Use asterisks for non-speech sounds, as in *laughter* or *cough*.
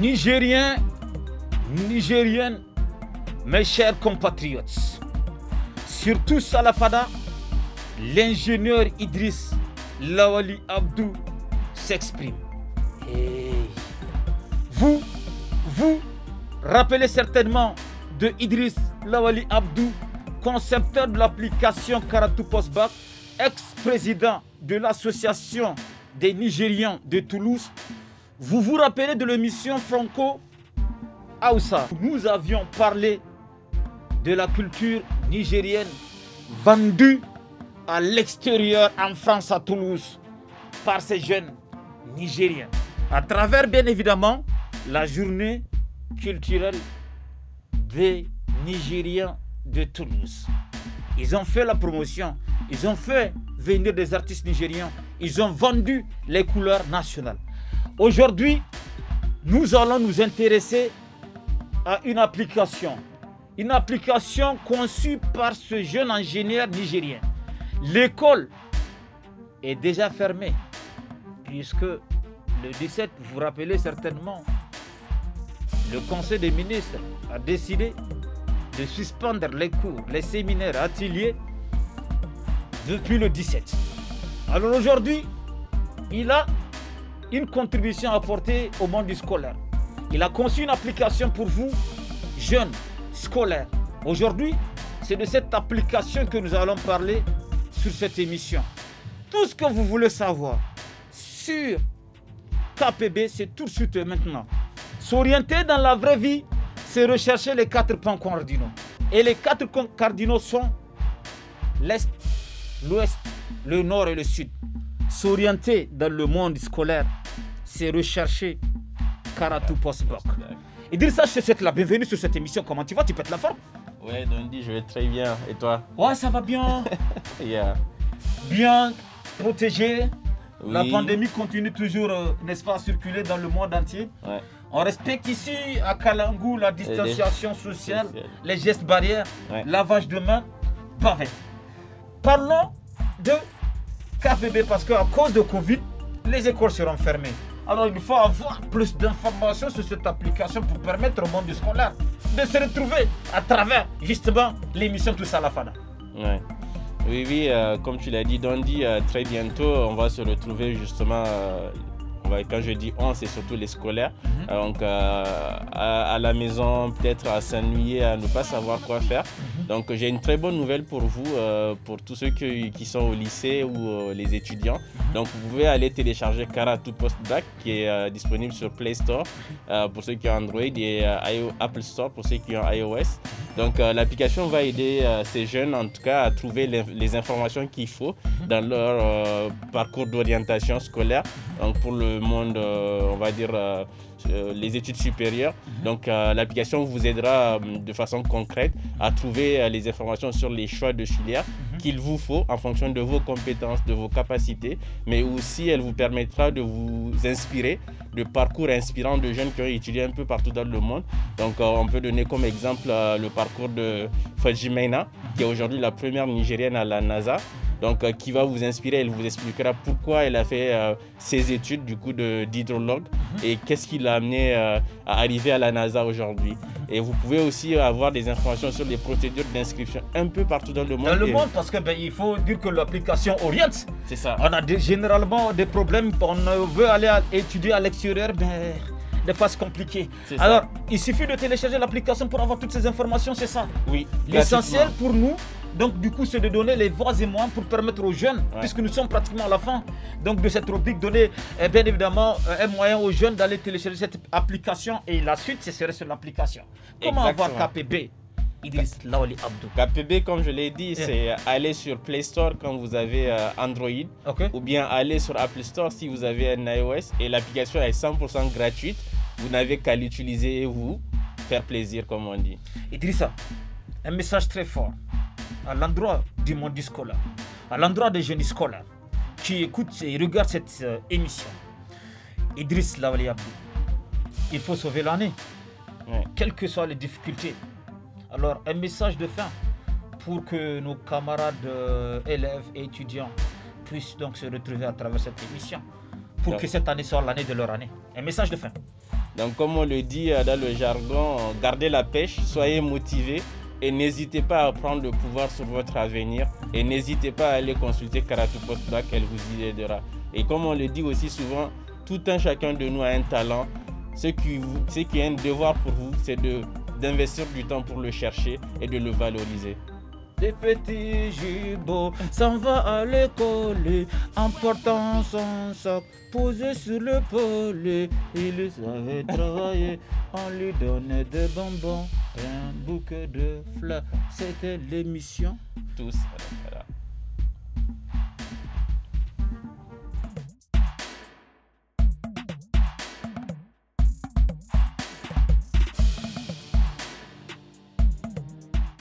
Nigériens, Nigériennes, mes chers compatriotes, surtout Salafada, l'ingénieur Idriss Lawali Abdou s'exprime. Vous, vous rappelez certainement de Idriss Lawali Abdou, concepteur de l'application Karatou Postbac, ex-président de l'association des Nigériens de Toulouse, vous vous rappelez de l'émission Franco Aoussa Nous avions parlé de la culture nigérienne vendue à l'extérieur en France, à Toulouse, par ces jeunes nigériens. À travers, bien évidemment, la journée culturelle des Nigériens de Toulouse. Ils ont fait la promotion, ils ont fait venir des artistes nigériens, ils ont vendu les couleurs nationales. Aujourd'hui, nous allons nous intéresser à une application. Une application conçue par ce jeune ingénieur nigérien. L'école est déjà fermée, puisque le 17, vous vous rappelez certainement, le Conseil des ministres a décidé de suspendre les cours, les séminaires, ateliers depuis le 17. Alors aujourd'hui, il a une contribution apportée au monde scolaire. Il a conçu une application pour vous, jeunes, scolaires. Aujourd'hui, c'est de cette application que nous allons parler sur cette émission. Tout ce que vous voulez savoir sur KPB, c'est tout de suite maintenant. S'orienter dans la vraie vie, c'est rechercher les quatre points cardinaux. Et les quatre points cardinaux sont l'Est, l'Ouest, le Nord et le Sud. S'orienter dans le monde scolaire, c'est recherché. Karatou dire Idrissa, je te souhaite la bienvenue sur cette émission. Comment tu vas Tu pètes la forme Ouais, Dondi, je vais très bien. Et toi Ouais, ça va bien. *laughs* Bien protégé. La pandémie continue toujours, euh, n'est-ce pas, à circuler dans le monde entier. On respecte ici à Kalangou la distanciation sociale, les gestes barrières, lavage de mains, pareil. Parlons de KBB parce qu'à cause de Covid, les écoles seront fermées. Alors il faut avoir plus d'informations sur cette application pour permettre au monde scolaire de se retrouver à travers justement l'émission Tous à la Fada. Oui, oui, euh, comme tu l'as dit, Dondi, euh, très bientôt, on va se retrouver justement. Euh, quand je dis on, c'est surtout les scolaires. Mhm. Euh, donc, euh, à, la maison, peut-être à s'ennuyer, à ne pas savoir quoi faire. Mhm. Donc, j'ai une très bonne nouvelle pour vous, euh, pour tous ceux qui, sont au lycée ou les étudiants. Mhm. Donc, vous pouvez aller télécharger Karatu Postback qui est disponible sur Play Store pour ceux qui ont Android et Apple Store pour ceux qui ont iOS. Donc euh, l'application va aider euh, ces jeunes en tout cas à trouver les, informations qu'il faut dans leur euh, parcours d'orientation scolaire. Donc pour le monde, on va dire euh, les études supérieures. Mhm. Donc euh, l'application vous aidera euh, de façon concrète à trouver les informations sur les choix de filière mhm. qu'il vous faut en fonction de vos compétences, de vos capacités, mais aussi elle vous permettra de vous inspirer de parcours inspirants de jeunes qui ont étudié un peu partout dans le monde. Donc on peut donner comme exemple le parcours de Fajimena, mhm. qui est aujourd'hui la première Nigérienne à la NASA donc euh, qui va vous inspirer. Elle vous expliquera pourquoi elle a fait euh, ses études du coup d'hydrologue mm-hmm. et qu'est-ce qui l'a amené euh, à arriver à la NASA aujourd'hui. Et vous pouvez aussi avoir des informations sur les procédures d'inscription un peu partout dans le monde. Dans le monde, parce que ben, il faut dire que l'application oriente. C'est ça. On a généralement des problèmes. On veut aller étudier à l'extérieur. Ben des phases compliqué. Alors, il suffit de télécharger l'application pour avoir toutes ces informations, c'est ça Oui. L'essentiel pour nous, donc du coup, c'est de donner les voies et moyens pour permettre aux jeunes, puisque nous sommes pratiquement à la fin donc, de cette rubrique, donner eh bien évidemment euh, un moyen aux jeunes d'aller télécharger cette application et la suite, ce serait sur l'application. Comment avoir KPB Idriss Abdou. KPB, comme je l'ai dit, eh. c'est aller sur Play Store quand vous avez euh, Android ou bien aller sur Apple Store si vous avez un iOS et l'application est 100% gratuite. Vous n'avez qu'à l'utiliser et vous faire plaisir, comme on dit. Idrissa, un message très fort à l'endroit du monde scolaire, à l'endroit des jeunes scolaires qui écoutent et regardent cette euh, émission. Idriss Lavaliabou, il faut sauver l'année, quelles que soient les difficultés. Alors, un message de fin pour que nos camarades euh, élèves et étudiants puissent donc se retrouver à travers cette émission, pour que cette année soit l'année de leur année. Un message de fin. Donc, comme on le dit euh, dans le jargon, gardez la pêche, soyez motivés. Et n'hésitez pas à prendre le pouvoir sur votre avenir. Et n'hésitez pas à aller consulter Karatu qu'elle elle vous y aidera. Et comme on le dit aussi souvent, tout un chacun de nous a un talent. Ce qui, ce qui est un devoir pour vous, c'est d'investir du temps pour le chercher et de le valoriser. Des petits jubots s'en va à l'école en portant son sac posé sur le pôle. Il savait travailler, on lui donnait des bonbons un bouquet de fleurs. C'était l'émission Tous à